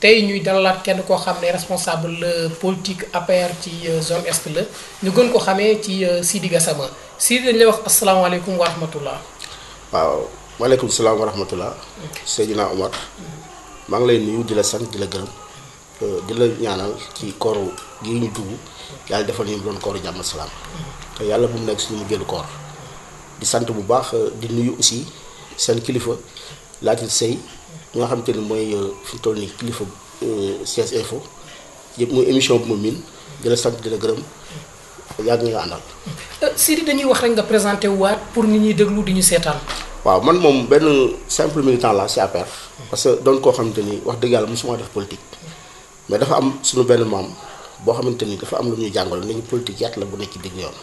tey ñuy dalalaat kenn koo xam ne responsable euh, politique APR ci euh, zone est la ñu gën ko xamee ci euh, Sidi Gassama Sidi dañ la wax asalaamaaleykum wa rahmatullah waaw maaleykum salaam wa rahmatullah Seydina Omar mm-hmm. maa ngi lay nuyu di la sant di la gërëm mm-hmm. di la ñaanal ci kooru gii ñu dugg mm-hmm. yàlla defal ñu doon kooru jàmm salaam te yàlla bu mu nekk suñu mujjëlu koor di sant bu baax di nuyu aussi seen kilifa laajal sëy nga xam te ni mooy euh, fi mu toll nii kilifa CS euh, info yëpp muy émission bu ma miin di la sant di la gërëm yàgg ñu nga àndal. Euh, Siri dañuy wax rek nga présenté waat pour nit ñi déglu di ñu seetaan. waaw man moom benn simple militant la si APR parce que doon koo xamante ni wax dëgg yàlla mosuma def politique mais dafa am suñu benn maam boo xamante ni dafa am lu ñuy jàngal nañu politique yàtt la bu nekk ci digg yoon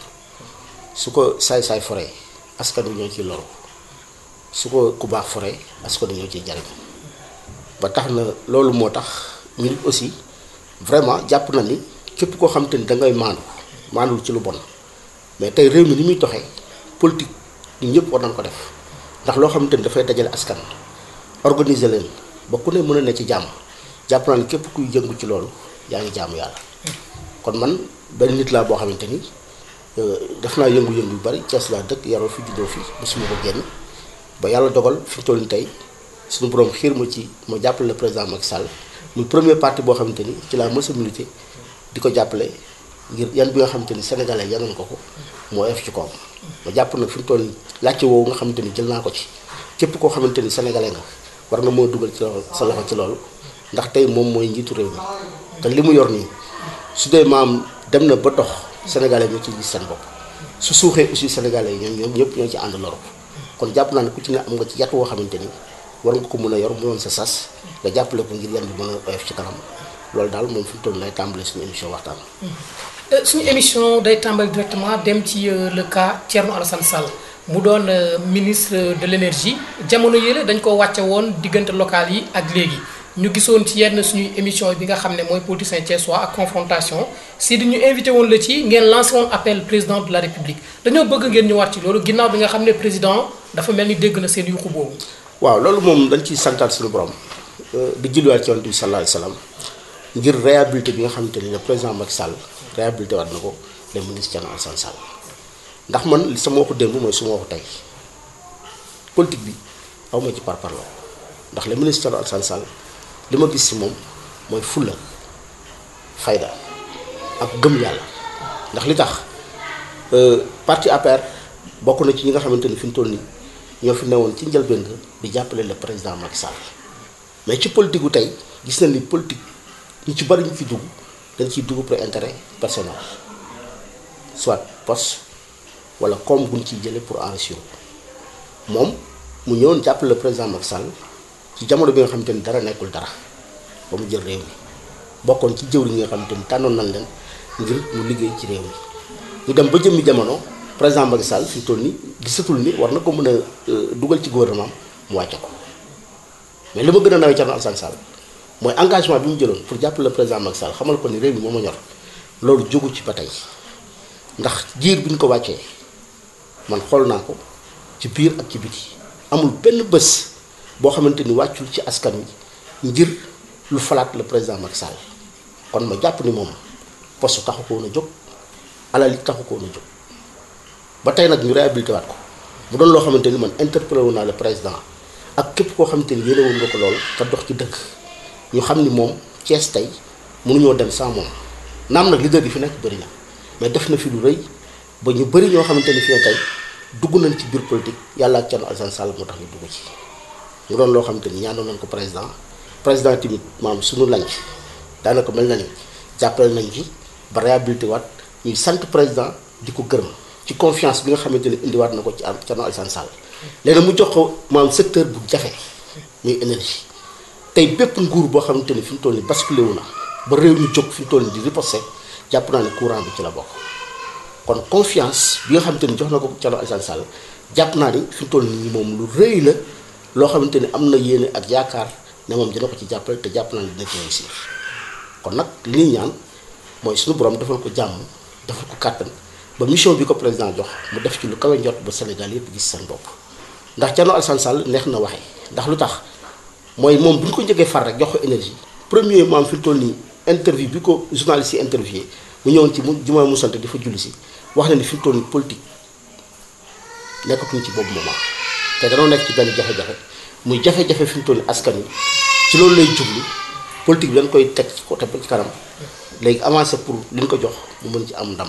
su ko saay-saay foree askan wi ñoo ciy loru su ko ku baax foree askan wi ñoo ciy jariñ ba tax na loolu moo tax nit aussi vraiment jàpp na ni képp koo xam te ni da ngay maandu maandul ci lu bon mais tey réew mi ni muy doxee politique ñun ñëpp war nañ ko def ndax loo xam te ni dafay dajale askan organiser leen ba ku mën a ne ci jàmm jàpp naa ni képp kuy yëngu ci loolu yaa ngi jaamu yàlla man benn nit laa boo xamante ni euh, def naa yëngu-yëngu yu bari Cees laa dëkk yaroo fi juddoo fi mosuma ko génn ba yàlla dogal fi mu toll nii tey. suñu borom xiir ma ci ma jàppale le président Macky sal muy premier parti boo xamante ni ci la mësa milité di ko jàppale ngir yan bi nga xamante ni sénégalais yanoon ko ko moo ci koom jàpp nag fi mu toll laajte woowu nga xamante ni jël naa ko ci képp koo xamante ni sénégalais nga war na moo dugal ci loolu sa loxo ci loolu ndax tey moom mooy njiitu réew mi te li mu yor nii su dee maam dem na ba dox sénégalais ñoo ci gis seen bopp su suuxee aussi sénégalais yi ñoom ñoom ñëpp ñoo ci ànd loru kon jàpp naa ne ku ci ne am nga ci yat woo xamante ni war nga ko mën a yor mu sa sas nga jàppale ko ngir yan bi mën a oyof ci kanam loolu daal moom fi mu toll lay tàmbale suñu émission waxtaan. Euh, suñu émission day tàmbali directement dem ci euh, le cas Thierno Alassane Sall mu doon euh, ministre de l'énergie jamono yële dañ ko wàcce woon diggante local yi ak léegi ñu gisoon ci yenn suñu émission bi nga xam ne mooy politicien Thiessois ak confrontation si di ñu invité woon la ci ngeen lancé woon appel président de la république dañoo bëgg ngeen ñëwaat ci loolu ginnaaw bi nga xam ne président dafa mel ni dégg na seen yuuxu boobu. waaw loolu moom dañ ciy santaat suñu borom euh, di julliwaat ci yonent bi sallallahu alayhi salaam ngir réhabilité bi nga xamante ni le président Macky Sall réhabilité waat na ko le ministre Thierno Alassane Sall ndax man li sama waxu démb mooy suma waxu tey politique bi aw ma ci parparloo ndax le ministre Thierno Alassane Sall li ma gis si moom mooy fulla fayda ak gëm yàlla ndax li tax euh, parti APR bokk na ci ñi nga xamante ni fi mu toll nii. ñoo fi newoon ci njëlbéen ga di jàppale le président Macky Sall mais ci politique gu tey gis na ni politique ñu ci bari ñu fi dugg dañ ciy dugg pour intérêt personnel soit poste wala comme buñ ciy jëlee pour enrichir moom mu ñëwoon jàppale le président Macky Sall ci jamono bi nga xamante ni dara nekkul dara ba mu jël réew mi bokkoon ci jëwriñ yi nga xamante ni tànnoon nañ leen ngir mu liggéey ci réew mi ñu dem ba jëmmi jamono. président Macky Sall fi mu toll nii gisatul ni war na ko mën a euh, dugal ci gouvernement mu wàcce ko mais li ma gën a nawee Thierno Alassane Sall mooy engagement bi mu jëloon pour jàppale président Macky Sall xamal ko ni réew mi moom a ñor loolu jógu ci ba tey ndax giir bi ñu ko wàccee man xool naa ko ci biir ak ci biti amul benn bés boo xamante ni wàccul ci askan wi ngir lu falaat la président Macky kon ma jàpp ni moom poste taxu ko woon a jóg alal yi taxu a ba tay nak ñu réhabiliter wat ko bu doon lo xamanteni man interpeller wu le président ak kep ko xamanteni yéne won nga ko lool ta dox ci dëkk ñu xamni mom moom tay mënu ñoo dem sans mom nam nak leader yi fi nekk bari na mais def na fi lu reuy ba ñu bari ñoo xamanteni fi tay tey dugg nañ ci bir politique yalla ak Thierno Alassane Sall motax ñu dugg ci ñu doon lo xamanteni ñaanu nañ ko président président timit maam suñu lanc daanaka mel nañ ni jàppale nañ ci ba réhabiliter wat ñu sante président diko gërëm ci confiance bi nga xamanteni indi wat na ci am Thierno Alassane Sall leena mu jox ko maam secteur bu jafe ni énergie tay bép nguur bo xamanteni fim tolni basculé wuna ba réew ñu jox fim tolni di riposté japp na ne courant bi ci la bok kon confiance bi nga xamanteni ni jox nako ci Thierno Alassane Sall japp na ni fim tolni ni mom lu rëy la lo xamanteni ni yene ak yaakar ne mom dina ko ci jàppale te japp na di dina ci réussir kon nak li ñaan moy suñu borom defal ko jamm defal ko kàttan ba mission bi ko président jox mu def ci lu kawe njot ba Sénégal yëpp gis seen bopp ndax Thierno Alassane Sall neex na waxee ndax lu tax mooy moom bu ñu ko njëkkee far rek jox ko énergie premier maam fi mu toll nii interview bi ko journaliste yi interviewé mu ñëwoon ci mu jumaa mu sant dafa julli si wax na ni fi mu toll nii politique ci boobu moment te danoo nekk ci benn jafe-jafe muy jafe-jafe fi mu toll askan wi ci loolu lay jublu politique bi dañ koy teg ci côté ci kanam léegi avancé pour li ko jox mu mën ci am ndam.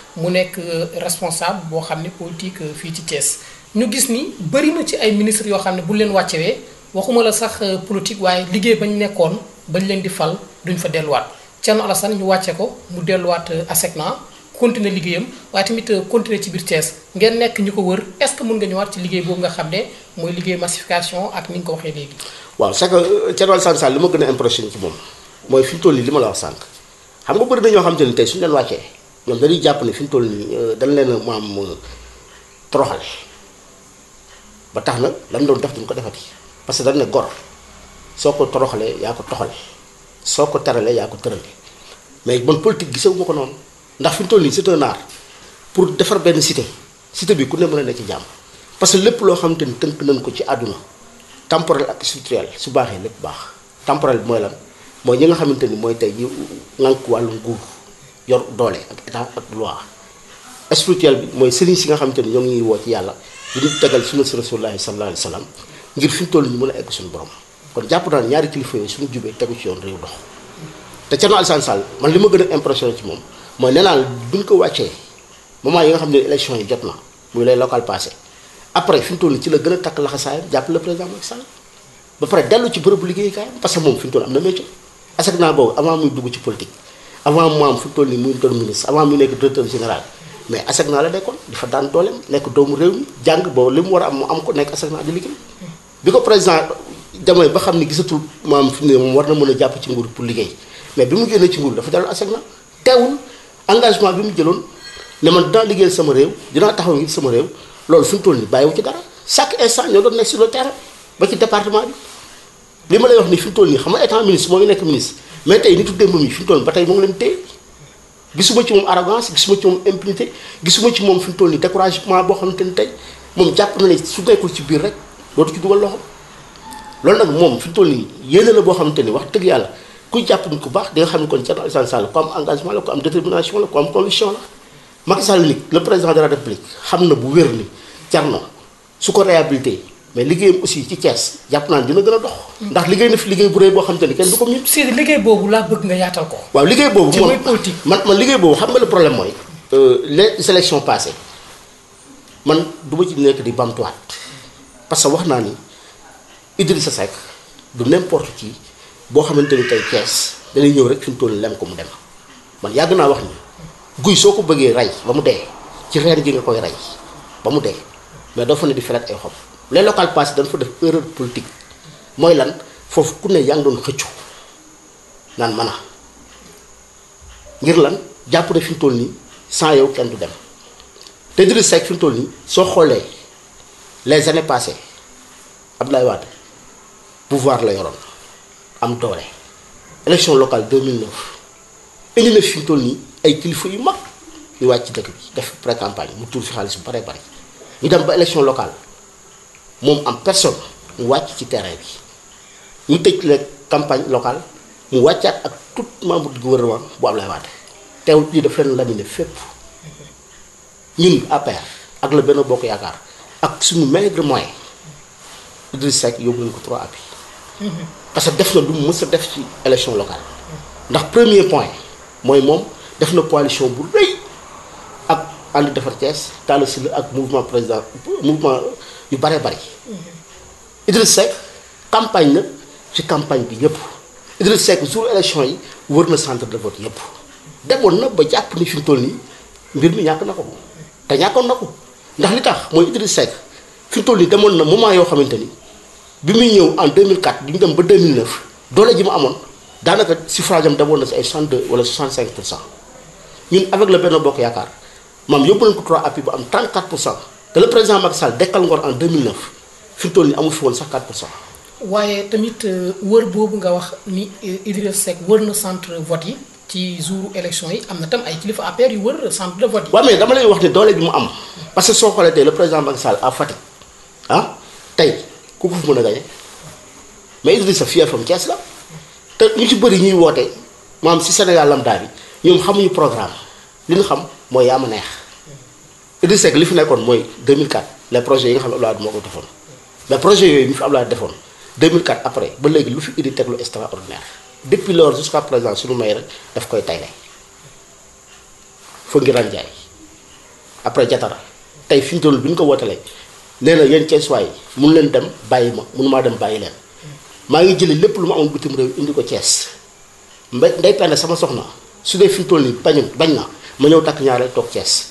mu nekk euh, responsable boo xam ne politique euh, fii ci Thiès ñu gis ni bëri na ci ay ministre yoo xam ne bu leen wàccewee waxuma la sax euh, politique waaye liggéey bañ nekkoon bañ leen di fal duñ fa delluwaat Thierno Alassane ñu wàcce ko mu delluwaat ASECNA continuer liggéeyam waaye tamit continuer ci biir Thiès ngeen nekk ñu ko wër est-ce que mën nga ci liggéey boobu nga xam ne mooy liggéey massification ak ni nga ko waxee léegi. waaw c'est que Thierno Alassane Sall li ma gën a impressionné ci moom mooy fi mu toll nii li ma la wax sànq xam nga bëri ñoo xam ne tey suñu leen wàccee ñoom dañuy jàpp ne fi mu toll nii euh, dañ leen a maam euh, toroxal ba tax na lan doon def duñ ko defati parce que dañ ne gor soo ko toroxalee yaa ko toxale soo ko teralee yaa ko tëralee mais man gise gisewu ma ko noonu ndax fi toll nii c'est un pour defar benn cité cité bii ku ne mën a ne ci jàmm parce que lépp loo xamante ni tënk nañ ko ci àdduna temporel ak spirituel su baaxee lépp baax temporel bi mooy lan mooy ñi nga xamante ni mooy tey ji ŋànk wàllu nguur yor doole ak état ak loi spirituel bi mooy sëriñ si nga xamante ni ñoo ngi ñuy woo ci yàlla ñu di tegal sunna si rasulullahi sallallahu alayhi wa sallam ngir fi ñu toll ñu mën a egg suñu borom kon jàpp naa ne ñaari kilifa suñu jubee tegu ci yoon réew dox te Thierno Alassane Sall man li ma gën a impressionné ci moom mooy nee naa la duñ ko wàccee moment yi nga xam ne élection yi jot na muy lay local passé après fi mu toll ci la gën a takk laxasaayam jàppale président Macky Sall ba pare dellu ci bërëbu liggéeyukaayam parce que moom fi mu toll am na métier askan boobu avant muy dugg ci politique avant maam fu mu toll nii muy doon ministre avant mu nekk directeur général mais ASECNA la nekkoon di fa daan dooleem nekk doomu réew mi jàng boobu li mu a am ko nekk ASECNA di liggéey bi xam ne gisatul maam fi mu ne moom war na mën a jàpp ci nguur pour liggéey mais bi mu génnee ci nguur dafa dellu ASECNA teewul engagement bi mu jëloon ne man dinaa liggéeyal sama réew dinaa taxaw ngi sama réew loolu fu mu toll nii bàyyiwu ci dara chaque instant ñoo doon nekk sur le terrain ba ci département bi li ma lay wax ni fi toll nii xam nga état ministre moo nekk ministre mais tey nitu démb mi fi mu toll ba tey moom ngi leen téye gisuma ci moom arrogance gisuma ci moom impunité gisuma ci moom fi mu toll nii découragement boo xamante ne tey moom jàpp na ne su nekkul ci biir rek dootu ci dugal loxo loolu nag moom fi mu toll nii yéene la boo xam xamante ni wax dëgg yàlla kuy jàpp ni ku baax di nga xam ne kon Thierno Alassane Sall ku am engagement la ku am détermination la ku am conviction la Macky Sall ni le président de la République xam na bu wér ni Thierno su ko réhabilité mais liggéeyam aussi ci Thiès jàpp naa ne dina gën a dox. ndax liggéey na fi liggéey bu rëy boo xam te ne kenn du ko miin. Sidi liggéey boobu laa bëgg nga yaatal ko. waaw liggéey boobu moom le problème mooy. Euh, man du ma ci nekk di bamtuwaat parce que wax naa ni sa Seck du n'importe ci boo xamante ni tey Thiès dañuy ñëw rek fi mu toll lem ko mu dem man yàgg naa wax ni guy soo ko bëggee rey ba mu dee ci reen gi nga koy rey ba mu dee mais doo fa ne di felet ay xob. les locales passées dañ fa def erreur politique mooy lan fofu ku ne yaa ngi doon xëccu naan man ngir lan jàpp ne fi mu toll nii sans yow kenn du dem te Idriss Seck fi mu toll nii soo xoolee les années passées Abdoulaye Wade pouvoir la yoroon am doole. élection locale 2009 indi na fi mu toll nii ay kilifa yu mag yu wàcc dëkk bi def pré campagne mu tuur fi xaalis bu bare bare ñu dem ba élection locale. moom en personne mu wàcc ci terrain bi ñu tëj la campagne local mu wàccaat ak tout membre du gouvernement bu Ablaye Wade teewul lii daf leen laminé fépp ñun APR ak la benn bokk yaakaar ak suñu maigre moyen Idriss Seck yóbbu nañ ko trois appui parce que def na lu mu mës a def ci élection locale ndax premier point mooy moom def na coalition bu rëy ak ànd defar Thiès Talla Sylla ak mouvement président mouvement yu bare bari Idriss Seck campagne na ci campagne bi yëpp Idriss Seck jour élection yi wër na centre de vote yëpp demoon na ba jàpp ni fi mu toll nii mbir mi ñàkk na ko ko te ñàkkoon na ko ndax li tax mooy Idriss Seck fi mu toll nii demoon na moment yoo xamante ni bi muy ñëw en 2004 ñu dem ba 2009 doole ji mu amoon daanaka si suffrage am demoon na si ay 62 wala 65 pour cent ñun avec le Benno Bokk Yaakaar maam yóbbu nañ ko 3 appui bu am 34 pour le président Macky Sall en 2009 fi mu toll amu 4 pour tamit euh, bobu nga wax euh, Seck na centre vote yi ci jour élection yi fait tam ay kilifa a yu centre de vote mais dama lay wax doole bi mu am. parce que so le président Macky Sall ah, a a fait mais fam que la ñu ci bëri Sénégal lam programme xam Idrissa Seck li fi nekkoon mooy 2004 les projets yi nga xam ne Abdoulaye moo ko yooyu mu fi defoon 2004 après ba léegi lu fi indi teg lu extraordinaire depuis lors jusqu'à présent suñu may rek daf koy tayle fa ngi après jatara tey fi ñu doon bi ko wootalee nee na yéen Cees waay mun leen dem bàyyi ma mun maa dem bàyyi leen maa ngi jële lépp lu ma amoon bitim réew indi ko Cees mbay ndey pende sama soxna su dee fi ñu toll nii bañu bañ na ma ñëw takk ñaareel toog Cees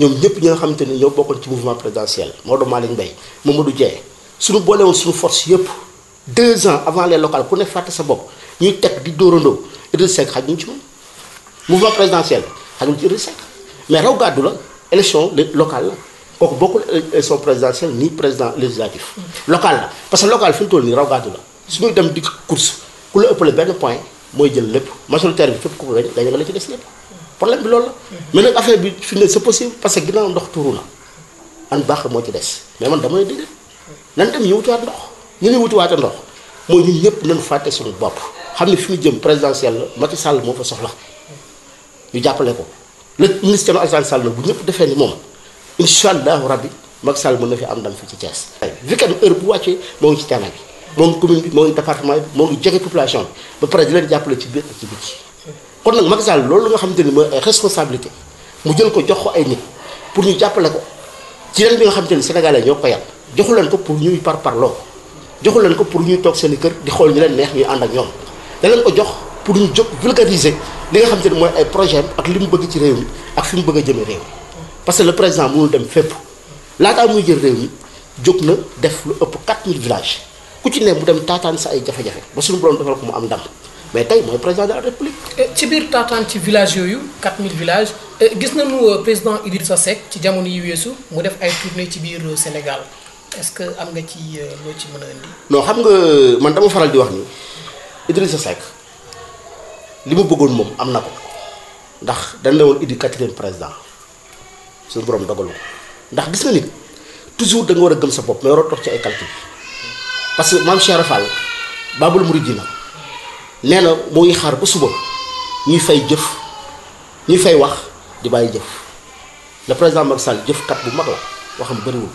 ñoom ñëpp ñi nga xamante ni ñoo bokkoon ci mouvement présidentiel Maodo Malick Mbaye Mamadou Dieng suñu boole woon suñu force yëpp deux ans avant les locales ku ne fàtte sa bopp ñuy teg di dóorandoo Idrissa Seck xaj ñu ci moom mouvement présidentiel xaj ñu ci Idrissa Seck mais raw gàddu la élection locale la kooku bokkul élection présidentielle ni président législatif local la parce que local fi mu toll nii raw gàddu la suñuy dem di course ku la ëppale benn point mooy jël lépp majoritaire bi fépp ku ko gañ gañ nga la ci des lépp problème bi loolu la. mais nag affaire bi fi ne c'est possible parce que ginnaaw ndox tuuru na an baax moo ci des mais man dama ne déedéet nan dem ñu wutiwaat ndox ñu ne wutiwaate ndox mooy ñu ñun ñëpp nañ fàtte suñu bopp xam ne fi ñu jëm présidentiel la Macky Sall moo fa soxla ñu jàppale ko le ministre Alassane Sall sàll bu ñëpp defee ni moom incha allahu rabbi Macky Sall mën na fi am ndam fi ci Thiès. weekend heure bu wàccee moo ngi ci terrain bi moo ngi commune bi moo ngi département bi moo ngi jege population ba pare di leen jàppale ci biir ak kon nag Macky Sall loolu nga xamante ni mooy ay responsabilité mu jël ko jox ko ay nit pour ñu jàppale ko ci ren bi nga xamante ni sénégalais ñoo ko yàq joxu leen ko pour ñuy par parloo joxu leen ko pour ñuy toog seen i kër di xool ñu leen neex ñuy ànd ak ñoom da leen ko jox pour ñu jóg vulgariser li nga xam xamante ni mooy ay projet ak li mu bëgg ci réew mi ak fi mu bëgg a jëmee réew mi parce que le président mënul dem fépp laataa muy jël réew mi jóg na def lu ëpp 4000 villages ku ci ne mu dem taataan sa ay jafe ba suñu borom defal ko mu am ndam. mais tey président de la république eh, ci biir un ci village yooyu 4000 villages eh, gis nañu euh, président Idrissa Seck ci jamono yi weesu mu def ay tournée ci biir euh, Sénégal est ce que am nga ci euh, loo ci mën a indi non xam nga man dama faral di wax ni Idrissa Seck li mu bëggoon moom am na ko ndax dañ la woon Idi quatrième président suñu borom dogalu ndax gis nga nit toujours da nga war gëm sa bopp mais waroo toog ci ay calcul parce que maam Cheikh Rafal babul Mouridina nee na moo ngi xaar ba suba ñuy fay jëf ñuy fay wax di bàyyi jëf le président Macky jëf jëfkat bu mag la waxam bëriwul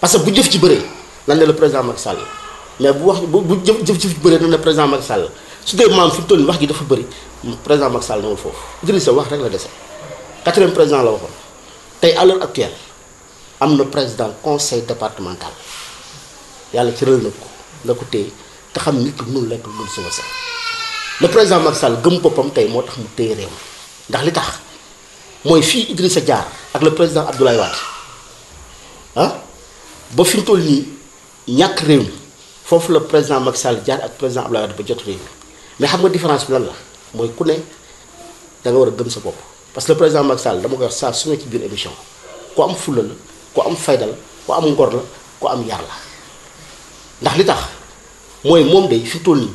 parce que bu jëf ci bëree lan la le président Macky Sall mais bu wax bu bu jëf jëf ci bëree nan la président Macky Sall su dee maam fi mu toll nii wax gi dafa bëri président Macky Sall newul foofu Idrissa wax rek la dese quatrième président la waxoon tey à l'heure actuelle am na président conseil départemental yàlla ci cëral na ko la ko téye. te xam nit ku mënul lekk lu dul suba sax le président Macky Sall gëm boppam tey moo tax mu téye réew ndax li tax mooy fii sa Jaar ak le président Abdoulaye Wade ah ba fi mu toll nii ñàkk réew mi foofu la président Macky Sall jaar ak président Abdoulaye ba jot réew mi mais xam nga différence bi lan la mooy ku ne da nga war a gëm sa bopp parce que le président Macky Sall dama koy saa su ne ci biir émission ku am fulla la ku am fayda la ku am ngor la ku am yar la ndax li tax. mooy moom day fi toll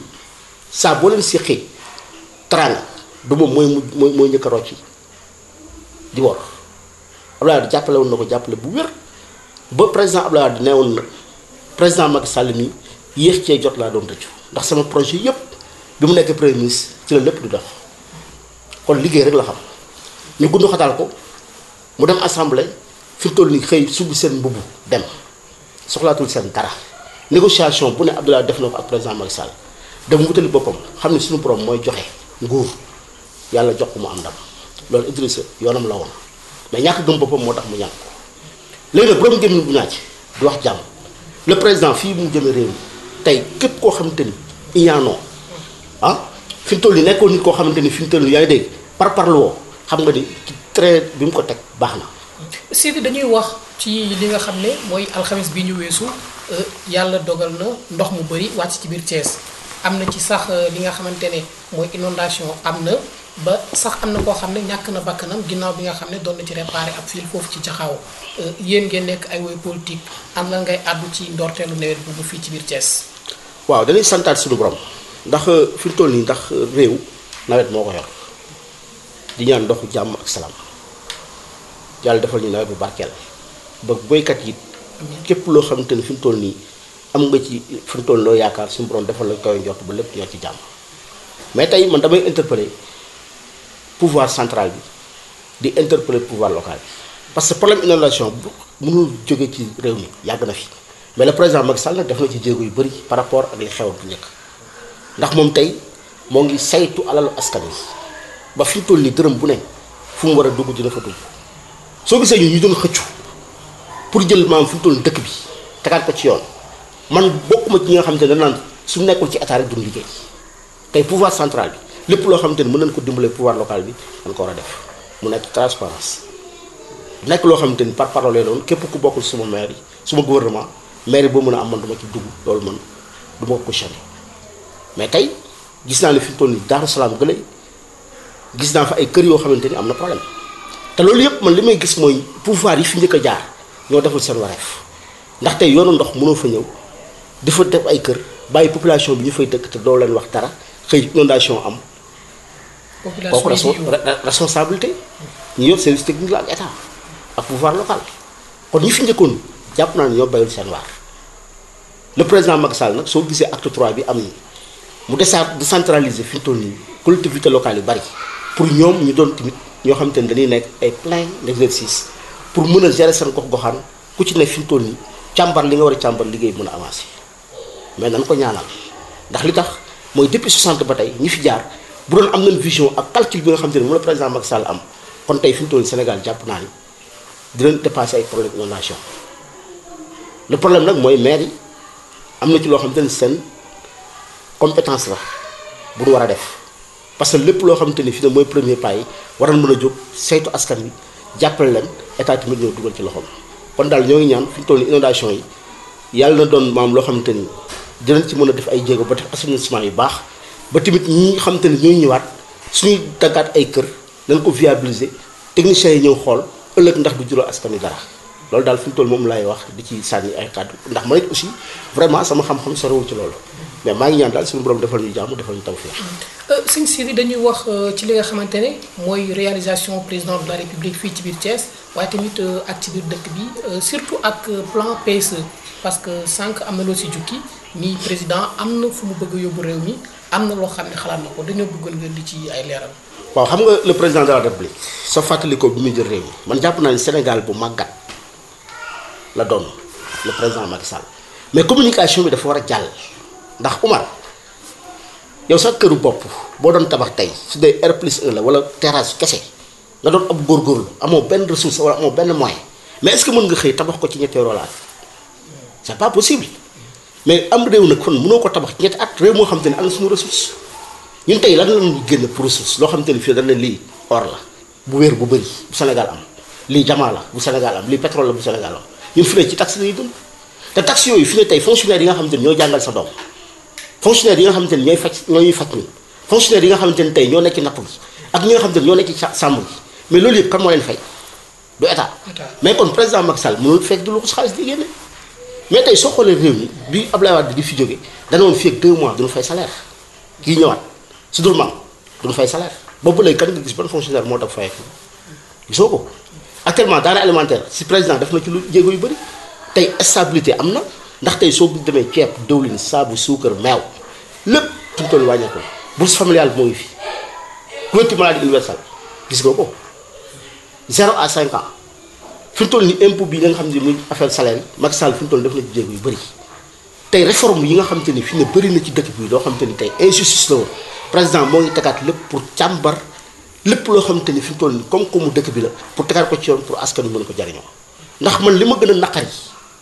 saa boo leen séqee teraanga du moom mooy mooy mooy njëkk a rocci di wor Abdoulaye Wade jàppale woon na ko jàppale bu wér ba président Abdoulaye Wade ne woon na président Macky Sall mi yéex cee jot laa doon tëju ndax sama projet yëpp bi mu nekk premier ministre ci la lépp du def kon liggéey rek la xam ñu gundu xataal ko mu dem assemblée fi mu toll xëy subi seen mbubb dem soxlaatul seen dara. négociation bu ne Abdoulaye def ko ak président Macky Sall dem wutali boppam xam ne suñu borom moy joxe nguur yalla jox ko mu am ndam loolu Idrissa yoonam la won mais ñak gëm bopam motax mu ñak ko léegi nag borom gémmiñ bu naaj di wax jamm le président fi mu jëme réew tay tey képp koo xamante ni iñaanoo ah fi mu nekkoon nit koo xamante ni fi mu toll nii yaa ngi dégg par parloo xam nga ni ci trait bi mu ko teg baax na. Sidi dañuy wax ci li nga xam ne mooy alxames bi ñu weesu. Euh, yàlla dogal na ndox mu bëri wàcc ci biir Thiès am na ci sax euh, li nga xamante ne mooy inondation am na ba sax am na koo xam ne ñàkk na bakkanam ginnaaw bi nga xam ne doon na ci réparé ab fil foofu ci jaxaaw euh, yéen ngeen nekk ay woy politique am na ngay àddu ci ndorteelu nawet boobu fii ci biir Thiès. waaw dañuy santaat suñu borom ndax fi mu toll nii ndax réew nawet moo ko yor di ñaan ndoxu jàmm ak salaam yàlla defal ñu nawet bu barkeel ba boykat yi. képp loo xamante ni fi mu toll nii am nga ci fi mu toll loo yaakaar suñu borom defal la kaw njort ba lépp ñoo ci jàmm mais tey man damay interpeller pouvoir central bi di interpeller pouvoir local bi parce que problème inondation bu mënul jóge ci réew mi yàgg na fi mais le président Macky Sall nag def na ci jéego yu bëri par rapport ak li xewoon bu njëkk ndax moom tey moo ngi saytu alalu askan wi ba fi mu toll nii dërëm bu ne fu mu war a dugg dina fa dugg soo pour jël maam fu tul dëkk bi tegaat ko ci yoon man bokkuma ci nga xamante ne nan su nekkul ci état rek duñ liggéey tey pouvoir central bi lépp loo xamante ne mën nañ ko dimbale pouvoir local bi dañ ko war a def mu nekk transparence nekk loo xamante par parole doon képp ku bokkul suma maire yi suma gouvernement maire yi boo mën a am man duma ci dugg loolu man du ma ko cautionné mais tey gis naa ne fi mu toll nii daaru salaam gëlay gis naa fa ay kër yoo xamante ni am na problème te loolu yëpp man li may gis mooy pouvoir yi fi njëkk a jaar ñoo deful seen wareef ndaxte tey yoonu ndox mënoo fa ñëw di fa def ay kër bàyyi population bi ñu fay dëkk te doo leen wax dara xëy inondation am. population kooku responsabilité ñu yor service technique la ak état ak pouvoir local kon ñi fi njëkkoon jàpp naa ne ñoo bayul seen waar. le président Macky Sall nag soo gisee acte 3 bi am ni mu desaat décentraliser fi mu toll nii collectivité locale yu bari pour ñoom ñu doon tamit ñoo xamante ne dañuy nekk ay plein d' exercice. pour mën a gérer seen gox goxaan ku ci ne fi mu toll nii càmbar li nga war a càmbar liggéey mën a avancer mais nan ko ñaanal ndax li tax mooy depuis 60 ba tey ñi fi jaar bu doon am nañ vision ak calcul bi nga xam te ne moom la président Macky Sall am kon tey fi mu Sénégal jàpp naa ni dinañ dépasser ay problème inondation le problème nag mooy maire am na ci loo xam te ne seen compétence la bu ñu war a def parce que lépp loo xam te ne fii nag mooy premier pas war na mën a jóg saytu askan wi. jàppale leen état tamit ñëw dugal ci loxoom kon daal ñoo ngi ñaan fi ñu toll yi yàlla na doon maam loo xamante ni dinañ ci mën a def ay jéego ba def assainissement yu baax ba tamit ñi nga ne ni ñooy ñëwaat suñuy daggaat ay kër dañ ko viabiliser techniciens yi ñëw xool ëllëg ndax du jural askan wi dara. loolu daal fi mu toll moom laay wax di ci sànni ay kàddu ndax man it aussi vraiment sama xam-xam sorewul ci loolu mais maa ngi ñaan daal suñu borom defal ñu jàmm defal ñu tawfeex. Euh, sëñ Siri dañuy wax euh, ci li nga xamante ne mooy réalisation président de la république fii ci biir Thiès waaye tamit euh, ak ci biir dëkk bi surtout ak plan PSE parce que sànq am na loo si jukki nii président am na fu mu bëgg yóbbu réew mi am na loo xam ne xalaat na ko dañoo bëggoon nga di ci ay leeral. waaw xam nga le président de la république soo fàttalikoo bi muy jël réew mi man jàpp naa ne Sénégal bu màggat. la donne le président Macky Sall mais communication bi dafa war a ndax Umar yow sa këru bop bo don tabax tay su dee R plus 1 la wala terrasse kese nga doon ab gor amo ben ressource wala amo ben moyen mais est-ce que mën nga xey tabax ko ci ñetti roolaat c'est pas possible mais am rew nag kon mënoo ko tabax ci ñetti at rew mo xam tane ala am suñu ressource ñun tay lan la ñuy pour ressource lo xam tane fi dañ ne lii or la bu wér bu bari bu Sénégal am li jamaa la bu Sénégal am li pétrole la bu Sénégal am. ñun fu ne ci taxe lañuy dund te taxe yooyu fu ne tey fonctionnaire yi nga xamante ni ñoo jàngal sa doom fonctionnaire yi nga xamante ni ñooy faj ñooy faj ni fonctionnaire yi nga tey ñoo nekk ci napp bi ak ñi nga ñoo nekk ci mais kon président Macky Sall mënul fekk tey soo xoolee réew mi bi fi jóge dana woon fii ak deux mois duñu fay salaire kii ñëwaat su dul man duñu boobu léegi kan nga gis ban fonctionnaire moo daf fay gisoo ko actuellement dans l'élémentaire, si président def na ci lu yu bari tay stabilité amna ndax tay so bu de dowlin bourse familiale fi couverture maladie universelle gis nga ko à cinq ans fi mu ni impôt bi nga xam ne muy affaire salaire Macky Sall fi ci yu bari tay réforme yi nga fi na ci dëkk injustice président ngi pour lépp loo xamante ni fi mu toll comme comme mu dëkk bi la pour tegaat ko ci yoon pour askan wi mën ko jariñoo ndax man li ma gën a naqar yi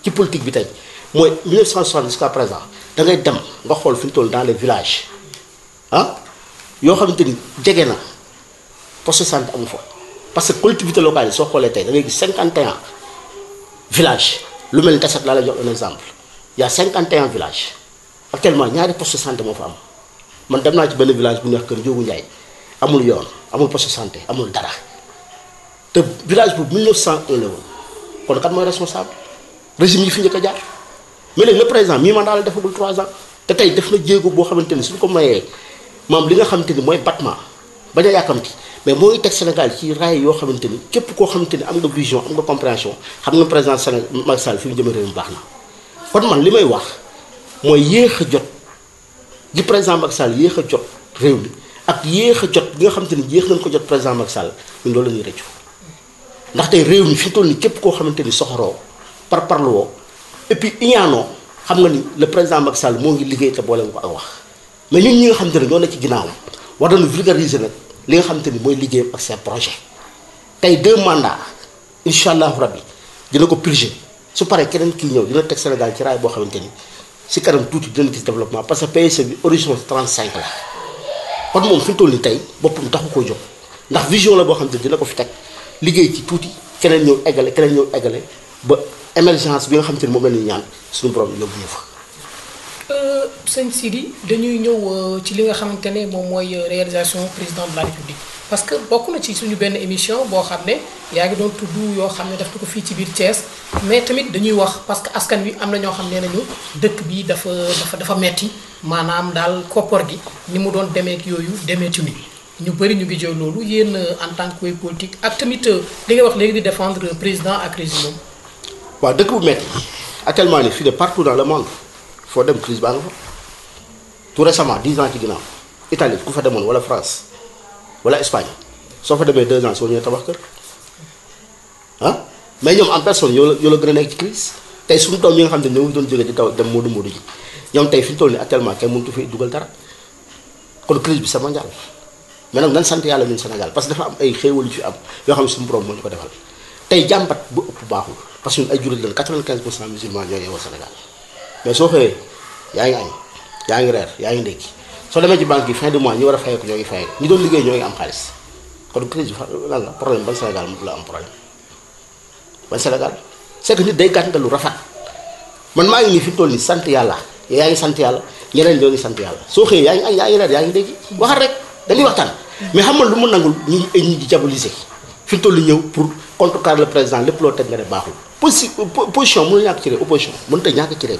ci politique bi tey mooy cent 1960 jusqu'à présent da ngay dem nga xool fi mu toll dans les villages ah yoo xamante ni jege na poste santé amu fa parce que collectivité locale yi soo xoolee tey da ngay gis 51 villages lu mel ni Tassette laa la jox un exemple y a 51 villages actuellement ñaari poste santé moo fa am man dem naa ci benn village bu ñuy kër Ndiogou Ndiaye amul yoon. amul poste santé amul dara te village bu 1901 la woon kon kat mooy responsable régime yi fi njëkk a jaar mais na le président mii mandat la defagul trois ans te tey def na jéego boo xamante ni suñ ko mayee maam li nga xamante ni mooy battement bañ a yàkkamti mais moo mooy teg Sénégal ci raay yoo xamante ni képp koo xamante ni am nga vision am nga compréhension xam nga président Sénégal Macky Sall fi mu jëmee réew mi baax na kon man li may wax mooy yéex a jot gi président Macky Sall yéex a jot réew ak yéex a jot bi nga xam te ni yéex nañ ko jot président Macky Sall ñun loolu la ñuy rëccu ndaxte réew mi fi mu toll képp koo xamante ni soxoroo par parloo et puis iñaanoo xam nga ni le président Macky Sall moo ngi liggéey te boole ko ak wax mais ñun ñi nga xam te ne ñoo ne ci ginnaawam war nañu vulgariser nag li nga xam te ni mooy liggéeyam ak seen projet tey deux mandats incha allahu rabbi dina ko purger su paree keneen kii ñëw dina teg Sénégal ci raay boo xamante ni si kanam tuuti dina gis parce que PSE bi horizon 35 la. kon moom fi mu toll nii tey boppam taxu koo jóg ndax vision la boo xam ne dina ko fi teg liggéey ci tuuti keneen ñëw egale keneen ñëw egale ba émergence bi nga xam te ne moom la ñuy ñaan suñu borom yóbbu ñu fa. Euh, sëñ Sidi dañuy ñëw euh, ci li nga xamante ne moom mooy euh, réalisation président de la République parce que bokk na ci suñu benn émission boo xam ne yaa ngi doon tudd yoo xam ne daf ko fii ci biir Thiès mais tamit dañuy wax parce que askan wi am na ñoo xam ne nañu dëkk bi dafa dafa dafa metti maanaam daal koppar gi ni mu doon demeek yooyu demeeti wi ñu bëri ñu ngi jooy loolu yéen euh, en tant que politique ak tamit euh, li nga wax léegi di défendre euh, président ak régime waaw dëkk bu metti actuellement ni fii de partout dans le monde foo dem crise baa nga fa tout récemment dix ans ci ginnaaw Italie ku fa demoon wala France wala Espagne soo fa demee deux ans soo ñëwee tabax kër ah mais ñoom en personne yo yo la gëna a ci crise tay suñu doom yi nga xamne ñu doon jëgë di taw dem moodu moodu ji ñoom tey fi ñu ni nii actuellement kenn mënatu fi duggal dara kon crise bi c'est mondial mais nak nan sant yalla ñun Sénégal parce que dafa am ay xéewal ci am yo xam suñu borom moo ñu ko defal tay jambat bu upp baaxul parce que ay jurit lañ 95 musulman ñoy yeewoo Sénégal mais so xé yaa nga añ yaa ngi reer yaa ngi ndékki soo demee ci banque yi fin de mois ñu wara a ko ñoy ngi fayeeku ñu doon liggéey ñoy am xaalis kon crise bi lan la problème ban Sénégal mu la am problème mooy Sénégal c'est que nit day gàttal lu rafet man maa ngi nii fi toll nii sant yàlla yaa ngi sant yàlla ñeneen ñoo ngi sant yàlla soo xëyee yaa ngi yaa ngi reer yaa ngi dégg waxal rek dañuy waxtaan mais xam nga lu mu nangul ñu ngi ñu ngi diaboliser fi toll ñëw pour contrecarrer le président lépp loo teg nga ne baaxul. posi position mënul ñàkk ci réew opposition mënut a ñàkk ci réew.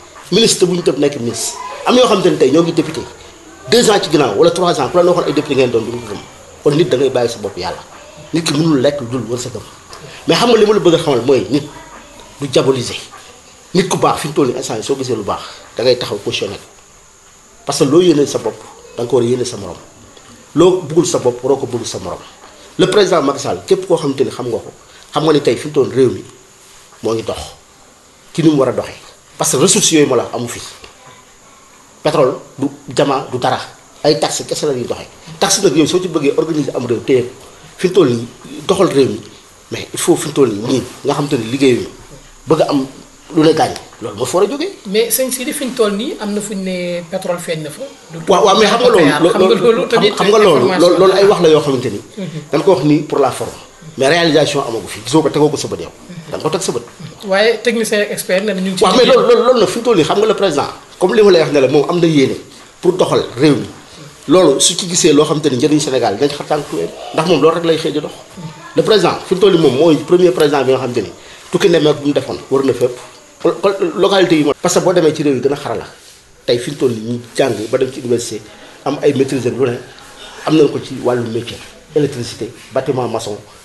ministre bu ñu tëb nekk ministre am yoo xamante ne tey ñoo ngi député deux ans ci ginnaaw wala trois ans ku la waxoon ay député ngeen doon du ko gëm kon nit bopp yàlla nit ki mënul lekk lu dul sa gëm mais xam nga li ma la bëgg a mooy nit du diaboliser nit ku baax fi mu toll nii instant yi soo gisee lu baax da ngay taxaw cautionné parce que loo yéene sa bopp da nga ko war sa morom loo bëggul sa bopp waroo ko bëggul sa morom le président Macky Sall képp koo xamante ni xam nga ko xam nga ni tey fi mu toll réew mi moo ngi dox ci ni mu war a doxee. parce que ressources yooyu ma la amu fi pétrole du jama du dara ay taxes kese la ñuy doxee taxes nag yooyu soo ci bëggee organiser am réew téye fi mu toll nii doxal réew mi mais il faut fi mu toll nii ñii nga xam te ne liggéeyuñu bëgg am lu la gaañ loolu moo foora jógee. mais sëñ Sidi fi mu toll nii am na fu ne pétrole feeñ na fa. waaw waaw mais xam nga loolu xam nga loolu xam nga loolu loolu ay wax la yoo xamante ni. Mhm. dañ ko wax ni pour la forme. mais réalisation amagu fi gisoo ko tegoo ko sa bët yow ko teg sa bët technicien expert nee na ñu ci waaw mais loolu loolu na fi xam nga le président comme li ma lay wax na la mom am na yéene pour doxal réew mi loolu su ci gisee loo xam te ni njëriñ Sénégal dañ xar tànk tuwee ndax moom loolu rek lay xëy di dox le président fi mu toll nii moom mooy premier président bi nga xam te ni tukki nemmeeku bu mu defoon war na fépp localité yi parce que boo demee ci réew yi gën a xarala tey fi mu toll nii ñu jàng ba dem ci université am ay maîtrise lu ne am nañ ko ci wàllu métier électricité bâtiment maçon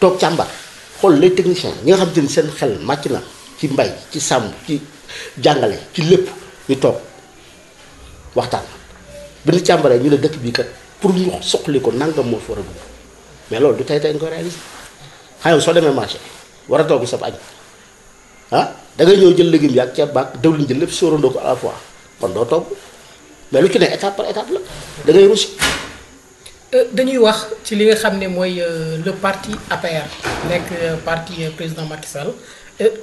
toog càmbar xool les techniciens ñi nga xam ni seen xel màcc na ci mbay ci sàmm ci jàngale ci lépp ñu toog waxtaan bi ñu càmbaree ñu ne dëkk bii kat pour ñu soqali ko nangam moo fi war a dugg mais loolu du tey tey nga ko réaliser xanaa soo demee marché war a togg sab añ ah da ñëw jël yi yaag ceeb baag dawlin jël lépp sóorandoo ko à la doo togg mais lu ci ne étape par la da ngay Euh, dañuy wax ci li nga xam ne mooy euh, le parti APR nekk euh, parti président Macky Sall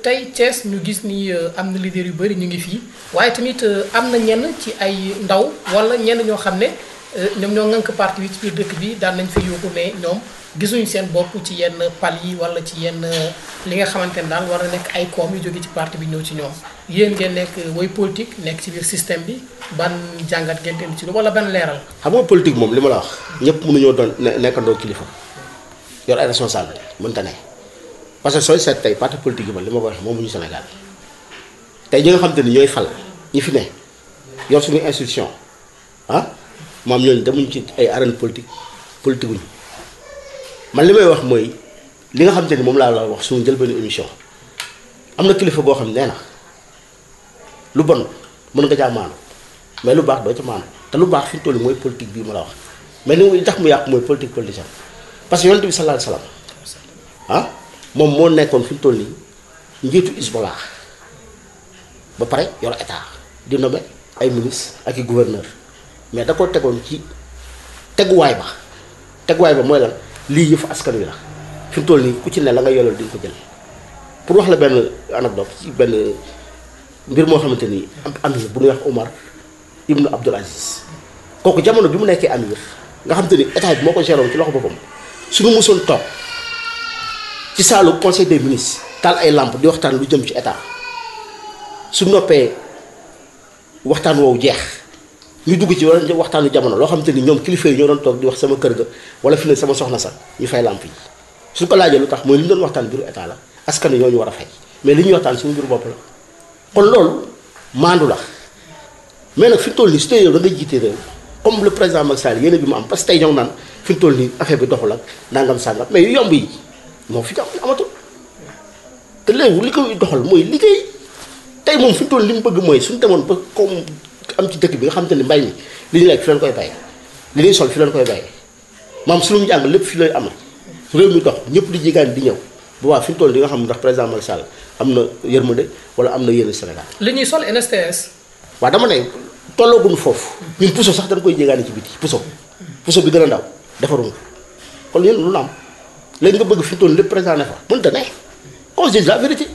tey Thiès ñu gis ni am na leader yu bëri ñu ngi fii waaye tamit am na ñenn ci ay ndaw wala ñenn ñoo xam ne Euh, ñoom ñoo ngànk parti bi ci biir dëkk bi daan nañ fa yóbbu mais ñoom gisuñu seen bopp ci yenn pal yi wala ci yenn euh, li nga xamante ne daal war a nekk ay koom yu jóge ci parti bi ñëw ci ñoom yéen ngeen nekk woy politique nekk ci biir système bi ban jàngat ngeen ci lu wala ban leeral. xam nga politique moom li ma la wax. ñëpp nañoo doon nekkandoo kilifa yor ay responsable mënta ne parce que sooy seet tey parti politique yi man li ma ko wax moomuñu Sénégal tey ñi nga xam ni ñooy fal ñi fi ne yor suñu institution ah. mom ñooñu demuñ ci ay arène politique politique ñu man limay wax moy li nga xamanteni mom la la wax suñu jël benn émission amna kilifa bo xam nee na lu bon mën nga jaamaan mais lu baax do ci maan te lu baax fi mu moy politique bi mu la wax mais ni li tax mu yàq moy politique politicien parce que yonente bi sallallahu alayhi wasallam ah mom mo nekkon fi mu toll nii ba pare yor état di nobe ay ministre ak gouverneur mais da ko tegoon ci way ba way ba moy lan li yef askan wi la fi tol ni ku ci ne la nga yolal di ko jël pour wax la ben anecdote ci ben mbir mo xamanteni am bu ñu wax Omar ibnu Abdul Aziz koku jamono bi mu nekké amir nga xamanteni état bi moko ko ci loxo bopam suñu musul toog ci salu conseil des ministres tal ay lampe di waxtan lu jëm ci état suñu noppé waxtan wo jeex ñu dugg ci wala waxtaanu jamono loo xam te ni ñoom kilifa yi ñoo doon toog di wax sama kër ga wala fi ne sama soxna sa ñu fay làmp yi suñ ko laajee lu tax mooy li ñu doon a fay mais li ñuy waxtaan suñu biiru la mais nag fi mu toll nii su tey yow da ngay jiite réew comme le président bi mu am parce que tey ñëw naan fi mu toll nii affaire bi doxul ak nangam sàngam mais yu yomb yi fi ñu te léegi li koy doxal mooy liggéey tey moom fi mu toll li mu bëgg mooy suñu demoon am ci dëkk bi nga xamante ne mbay mi li ñu lekk fi leen koy bàyyi li ñuy sol fi leen koy bàyyi maam suñu jàng lépp fi lay am réew mi dox ñëpp di jigaan di ñëw bu baax fi mu toll di nga xam ndax président Macky Sall am na yërmande wala am na yéene Sénégal. li ñuy sol NSTS. waaw dama ne tollooguñu foofu ñun puso sax dañ koy jéegaane ci biti puso puso bi gën a ndaw defaruñu ko kon ñun lu na am léegi nga bëgg fi mu toll lépp président ne fa mënta ne. qu'on se dise vérité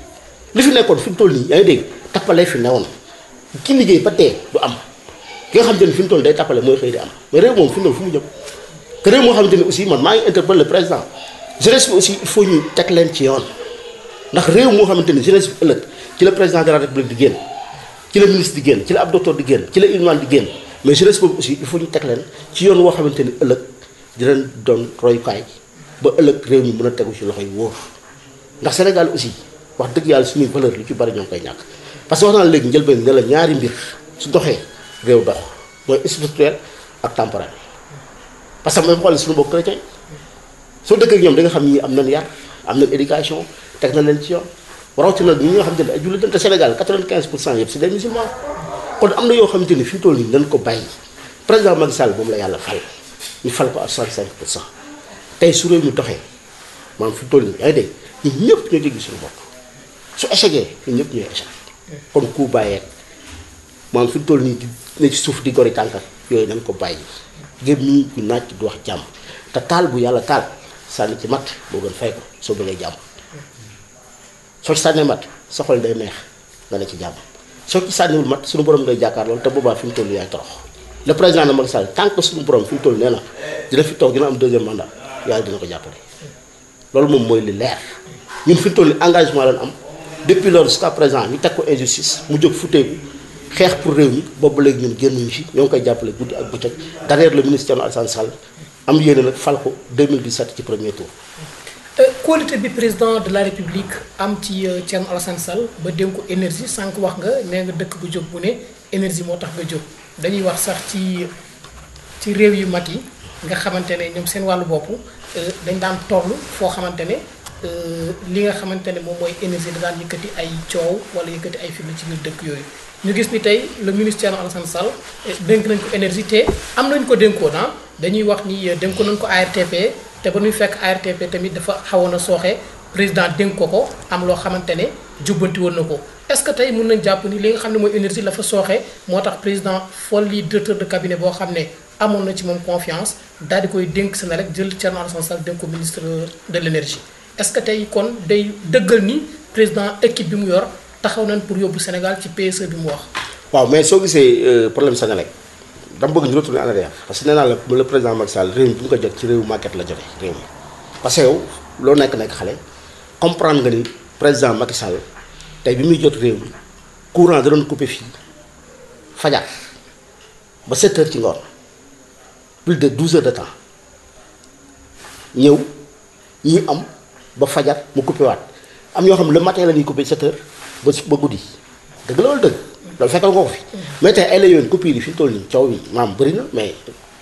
li fi nekkoon fi mu toll nii yaa ngi dégg tappalee fi newoon. ki liggéey ba dee du am ki nga xamante ni fi mu toll day tàppale mooy xëy di am mais réew moom fi mu toll fu mu jëm que réew moo xamante ni aussi man maa ngi interpellé le président jeunesse bi teg leen ci yoon ndax réew moo xamante ni jeunesse bi ci la président de di génn ci la ministre di génn ci la ab docteur di génn ci la imam di génn mais jeunesse boobu aussi il faut ñu teg leen ci yoon woo xamante ni ëllëg di leen doon royukaay ba ëllëg réew mi mun a tegu ci loxo yi wóor ndax Sénégal aussi wax dëgg yàlla suñuy valeur lu ci bari ñoo ngi koy ñàkk parce que wax naa la léegi njëlbeen ne la ñaari mbir su doxee réew dox mooy spirituel ak temporel parce que même xool suñu bokk chrétien soo dëkk ak ñoom da nga xam ñi am na yar am na éducation teg na leen ci yoon rawatina ñi nga xam ne ay jullit te Sénégal pour cent yoo xamante ni fii tool nii nañ ko bàyyi président Macky Sall moom la yàlla fal ñu fal ko à 65 pour cent tey su réew mi doxee maanaam fi tool nii yaa ngi dégg ñun ñëpp ñoo dégg suñu bopp su échecgee ñun ñëpp ñooy échec kon ku baye mom suñ tol ni ne ci souf di gori tànkam yoy nañ ko baye gem ni ku nacc du wax jam ta tal bu yalla tal sal ci mat bo gën fay ko so bëggee jam so ci sànnee mat sa xol day neex nga la ci jam so ci sànniwul mat suñu borom day jakar lol ta boba fi tol toll yaay torox le président de Macky Sall tank suñu borom fi tol neena di la fi tok dina am deuxième mandat yalla dina ko jàppale lol mom moy li leer ñun fi tol engagement lañ am depuis lors jusqu'à présent ñu teg ko injustice mu fouté futeeku xeex pour réew mi boobu léegi ñun génnuñu ci ñong koy jàppale guddi ak bëccëg derrière le ministre Thierno Alassane Sall am yéene nag fal ko 2017 ci premier tour. Euh, qualité bi président de la république am ci euh, Thierno Alassane Sall ba dem ko énergie sank wax nga né nga dëkk bu jog bu né énergie mo tax nga jog dañuy wax sax ci ci réew yu mag yi nga xamante ne seen wàllu bopp euh, dañ daan toll fo xamante Euh, li nga xamante ne moom mooy énergie da daan yëkkati ay coow wala yëkkati ay fitna ci biir dëkk yooyu ñu gis ni tey le ministère Alassane Sall eh, dénk nañ ko am nañ ko dénkoon ah dañuy wax ni eh, dénkoon nañ ko ARTP te ba ñuy fekk ARTP tamit dafa xawoon a sooxe président dénk ko ko am loo xamante ne jubbanti woon na ko est que tey mun nañ jàpp ni li nga xam ne mooy énergie la fa sooxe moo tax président fol li directeur de cabinet boo xam ne amoon na ci moom confiance daal di koy dénk Senelec jël Thierno Alassane Sall dénk ministre de l'énergie est-ce que tey kon day deugal ni président équipe bi mu yor taxaw nañ pour yóbbu Sénégal ci PSE bi mu wax. waaw mais so gisee euh, problème Senelec dam bëgg ñu retourner en arrière parce que nee le président Macky Sall réew bu ko jot ci réew market la jotee réew parce que yow loo nek nekk xale comprendre nga ni président Macky Sall tey bi muy jot réew courant da doon couper fi fajar ba 7 h ci ngoon plus de 12 heures de temps ñëw ñuy am. ba fajar mu coupé waat am ñoo xam le matin la ñuy coupé 7 heures ba ba guddi dëgg la dëgg loolu fekkal nga ko fi mais ay la yoon coupure yi fi mu toll nii coow yi maam bëri na mais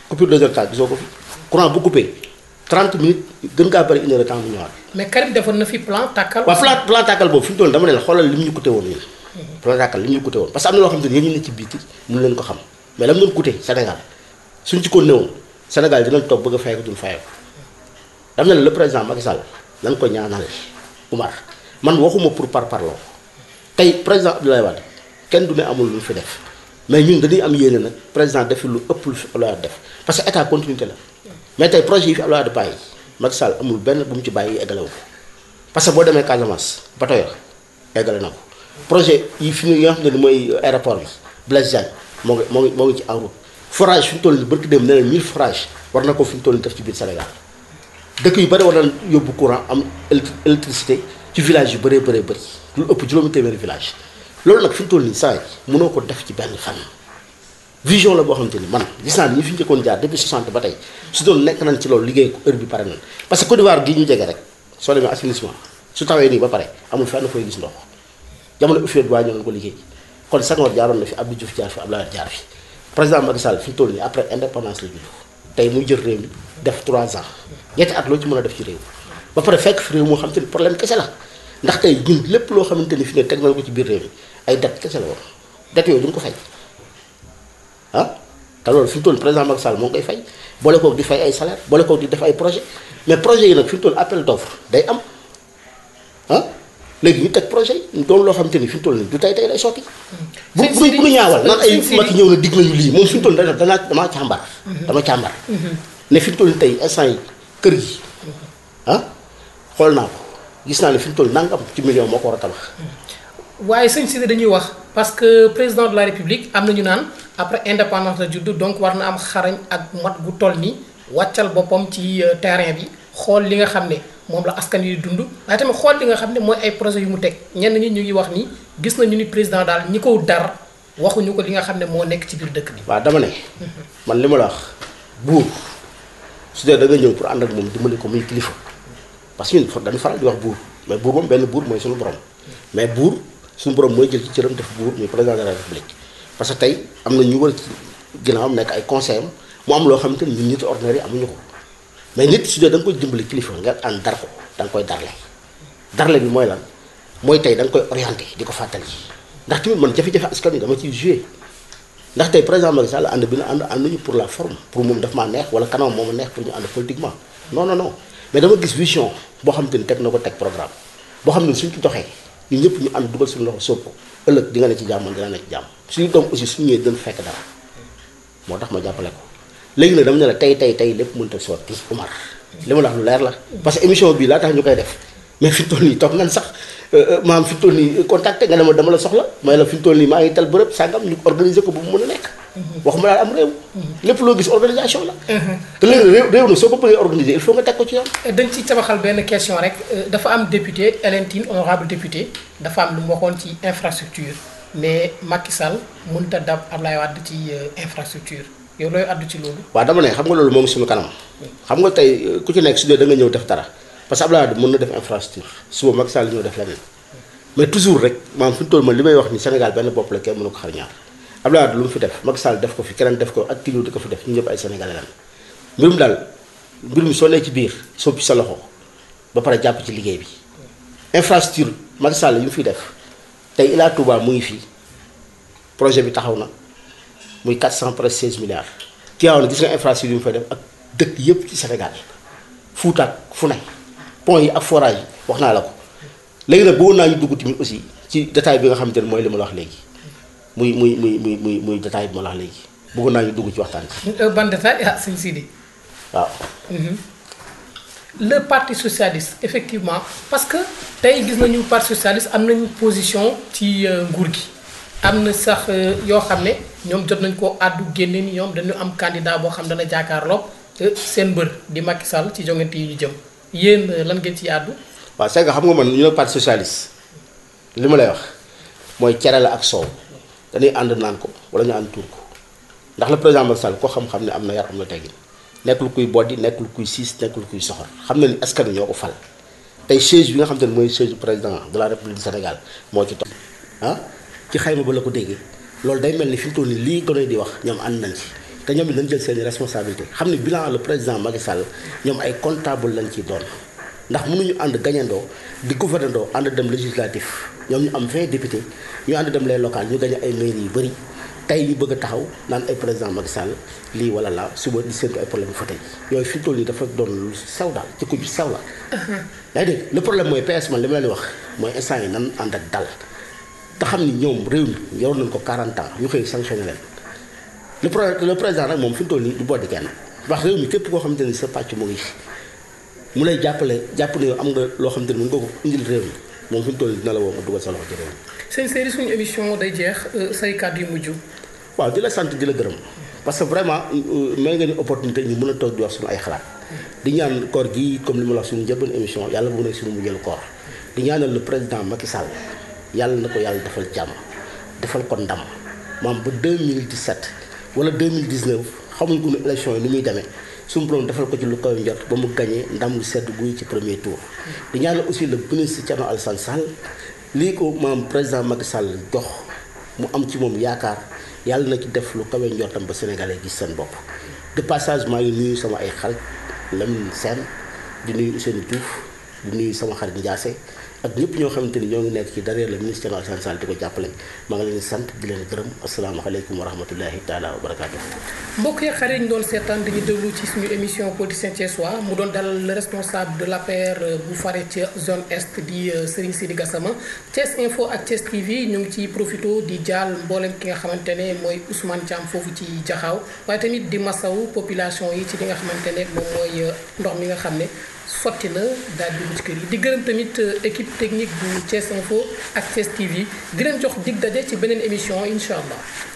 coupure de temps gisoo ko fi courant bu coupé 30 minutes na fi plan tàkkal. boobu fi mu nii dama ne la xoolal li mu ñu coûté woon ñun. plan tàkkal li mu ñu coûté woon parce que am na loo xam ne yéen ñu ne ci biiti mënu leen ko xam mais la mu doon coûté Sénégal suñ ci ko néewoon Sénégal dinañ dama ne la le président Macky Sall nan ko ñaanal Umar man waxuma pour par parloo tey président Abdoulaye Wade kenn du ne amul lu ñu fi def mais ñun dañuy am yéene nag président defi lu ëpp lu fi Abdoulaye Wade def parce que état continuité la mais tey projet yi fi Abdoulaye Wade bàyyi Macky Sall amul benn bu mu ci bàyyi eggale parce que boo demee Casamance bato ya eggale na ko projet yi fi nga xam ne ni mooy aéroport bi Blaise Diagne moo ngi moo ngi moo ngi ci en route forage fi mu toll nii barki dem forage war na ko fi mu toll def ci biir Sénégal dëkk yu bëri war na yóbbu courant am électricité ci village yu bëree bëree bëri lu ëpp juróomi téeméeri village loolu nag fi mu toll nii saa yi mënoo ko def ci benn fan vision la boo xamante ni man gis naa fi njëkkoon jaar depuis 60 ba tey su doon nekk nañ ci loolu liggéey ko bi pare nañ parce que Côte d'Ivoire jege rek soo demee su tawee nii ba pare amul fenn fooy gis ndox jamono ufiet waa ñoo ko liggéey kon Senghor jaaroon na fi ab Abdou Diouf jaar fi Abdoulaye jaar fi président Macky Sall fi mu nii après indépendance la judd tey mu jël réew mi def trois ans ñetti at loo ci mën a def ci réew ba pare fekk fi réew moo xam te ni problème kese la ndax tey ñun lépp loo xamante ni fi ne teg nañ ko ci biir ay date kese la woon date yooyu ko fay ah te loolu fi mu toll président Macky Sall moo ngay fay boole koog di fay ay salaire boole di def ay projet mais projet yi nag fi mu toll appel d'offre day am ah léegi ñu teg projet yi doon loo xamante ni fi mu toll du tey tey lay sotti. bu bu bu ñaawal naan ay Macky ñëw na digg nañu lii moom fi mu toll danaa damaa càmbar. Mm-hmm. dama càmbar. Mm-hmm. ne fi mu toll instant kër gi ah xool naa ko gis naa ne fi mu toll am ci million moo ko war a tabax. waaye sëñ Cissé dañuy wax parce que président de la république am na ñu naan après indépendance la judd donc war na am xarañ ak mat gu toll nii wàccal boppam ci euh, terrain bi xool li nga xam ne moom la askan wi dund waaye tamit xool li nga xam ne mooy ay projet yu mu teg ñenn ñi ñu ngi wax ni gis nañu ni président daal ñi ko dar waxuñu ko li nga xam ne moo nekk ci biir dëkk bi. waaw su da nga ñëw pour ànd ak du mëne ko muy kilifa parce que ñun dañu faral di wax bour mais bour mom benn bour moy suñu borom mais bour suñu borom moy jël ci cëram def bour muy président de la république parce que tay amna ñu wër ci ginnaawam nek ay conseil am mu am lo xamante ni ñun nit ordinaire yi amuñu ko mais nit su da nga koy dimbali kilifa nga and ah, dar ko da nga koy darle darle bi moy lan moy tay da nga koy orienter diko fatali ndax tamit man jafé jafé askan wi dama ci jouer ndax tay président Macky Sall and bi na and ànduñu pour la forme pour mom daf ma neex wala kanam mom neex pour ñu and politiquement non non non mais dama gis vision bo xam te ni teg na programme bo xam ne suñ ci doxé ñu ñëpp ñu and duggal suñu loxo sopp ëlëk di nga ne ci jamm nga ne ci jamm suñu doom aussi suñu ñëw dañ fekk dara motax ma jappalé ko légui nag dama ne la tay tay tey lépp mënta sotti Umar li ma la lu leer la parce que émission bi la tax ñukay def mais fi tolli nii nan sax Euh, euh, maam fi mu toll nii contacté nga dama dama la soxla may la fi mu toll nii maa ngi tal bërëb sàngam ñu organiser ko bu mu mën a nekk. wax ma daal am réew. lépp loo gis organisation la. Mhm. te léegi réew na soo ko bëggee organiser il faut nga teg ko ci yoon. dañ ci tabaxal benn question rek euh, dafa am député Hélène Tine honorable député dafa am lu mu waxoon ci infrastructure mais Macky Sall mënut a dab Ablaye Wade ci infrastructure yow looy addu ci loolu. waaw dama ne xam nga loolu moom suñu kanam xam nga tey ku ci nekk su dee ñëw def dara. parce que abdoulaye mën na def infrastructure suba mag sall ñoo def leneen mais toujours rek maam fi toll ma li may wax ni sénégal benn bopp la kenn mënu ko xar ñaar abdoulaye lu mu fi def mag sall def ko fi keneen def ko ak kii di ko fi def ñu ñëpp ay sénégalais lan mbirum daal mbirum soo nee ci biir soppi sa loxo ba pare jàpp ci liggéey bi infrastructure mag sall yu fi def tey ilaa touba mu ngi fii projet bi taxaw na muy 416 milliards ci gis nga infrastructure yu mu def ak dëkk yépp ci sénégal fuutaak fu ne pont yi ak forage yi wax naa la ko léegi nag bëggoon naa ñu dugg tamit aussi ci détail bi nga xamante ne mooy li ma la wax léegi muy muy muy muy muy muy détail bi ma la léegi bëggoon naa ñu dugg ci waxtaan ci euh, ban détail ah sëñ Sidi waaw mhm. le parti socialiste effectivement parce que tey gis nañu parti socialiste am nañu position ci euh, nguur gi am na sax euh, yoo xam ne ñoom jot nañ ko àddu génne ni ñoom dañu am candidat boo xam dana jaakaarloo seen mbër di Macky Sall ci jongante yi ñu jëm yéen euh, lan ngeen ci àddu. waaw c'est que xam nga man ñu ne parti socialiste li ma lay wax mooy cere la ak soow dañuy ànd naan ko wala ñu ànd tuur ko ndax le président Macky Sall ko xam-xam ne am na yar am na teggin nekkul kuy boddi nekkul kuy siis nekkul kuy soxor xam na ni askan ñoo ko fal tey siège bi nga xam te ne mooy siège président de la république Sénégal moo ci toog ah ci xayma ba la ko déggee loolu day mel ni fi mu toll nii lii gone di wax ñoom ànd nañ ci. te ñoom it lañ jël seen i responsabilité xam ne bilan le président Macky Sall ñoom ay comptable lañ ciy doon ndax mënuñu ànd gañandoo di gouvernandoo ànd dem législatif ñoom ñu am 20 député ñu ànd dem les locales ñu gañe ay mairie yu bëri tey ñu bëgg taxaw naan ay président Macky Sall lii wala laa suba di séntu ay problème fa tey yooyu fi toll yi dafa doon lu sew daal ci ko ju sew la yaa dégg le problème mooy PS man li ma leen wax mooy instant yi nan ànd xam ni ñoom réew mi yor ko 40 ans ñu koy leen lu pro le président nag moom fi mu toll nii du boddi kenn wax réew mi képp koo xamante ni sa pàcc mu ngi mu lay jàppale jàpp ne yow am nga loo xam ni mën nga ko indil réew mi moom fi mu nii dina la woo nga dugal sa loxo ci réew mi. sëñ suñu émission day jeex euh, say kàddu yu mujj. waaw di la sant di la gërëm parce que vraiment euh, may nga ni opportunité ñu mën a toog di wax suñu ay xalaat di ñaan koor gi comme li ma la wax suñu njëlbeen émission yàlla bu nekk suñu mujjal koor di ñaanal le président Macky Sall yàlla na ko yàlla defal jàmm defal ko ndam maam ba 2017. wala 2019 xamuñ ko ne élection yi ni muy demee suñu borom defal ko ci lu koy njot ba mu gagné ndam lu sedd guy ci premier tour. di ñaanal aussi le ministre Thierno Alassane Sall lii ko mam président Macky Sall jox mu am ci mom yaakar yalla na ci def lu kawe njortam ba sénégalais gis seen bop de passage ma ngi nuyu sama ay xal lam sen di nuyu seen Diouf di nuyu sama xarit Ndiassé. ak ñëpp ñoo xamante ni ñoo ngi nekk ci derrière le ministère de la santé di ko jàppale maa ngi leen di sant di leen gërëm asalaamaaleykum wa rahmatullahi taala wa barakaatu. mbokk yi ñu doon seetaan dañu déglu ci suñu émission politicien thiessois mu doon dalal responsable de l'APR bu fare ci zone est di euh, Serigne Sidi Gassama Thiès Info ak Thiès TV ñu ngi ciy profité di jaal mboolem ki nga xamante ne mooy Ousmane Thiam foofu ci Jaxaaw waaye tamit di masaw euh, mi nga xam ne. sotti na daal di di euh, équipe technique TV émission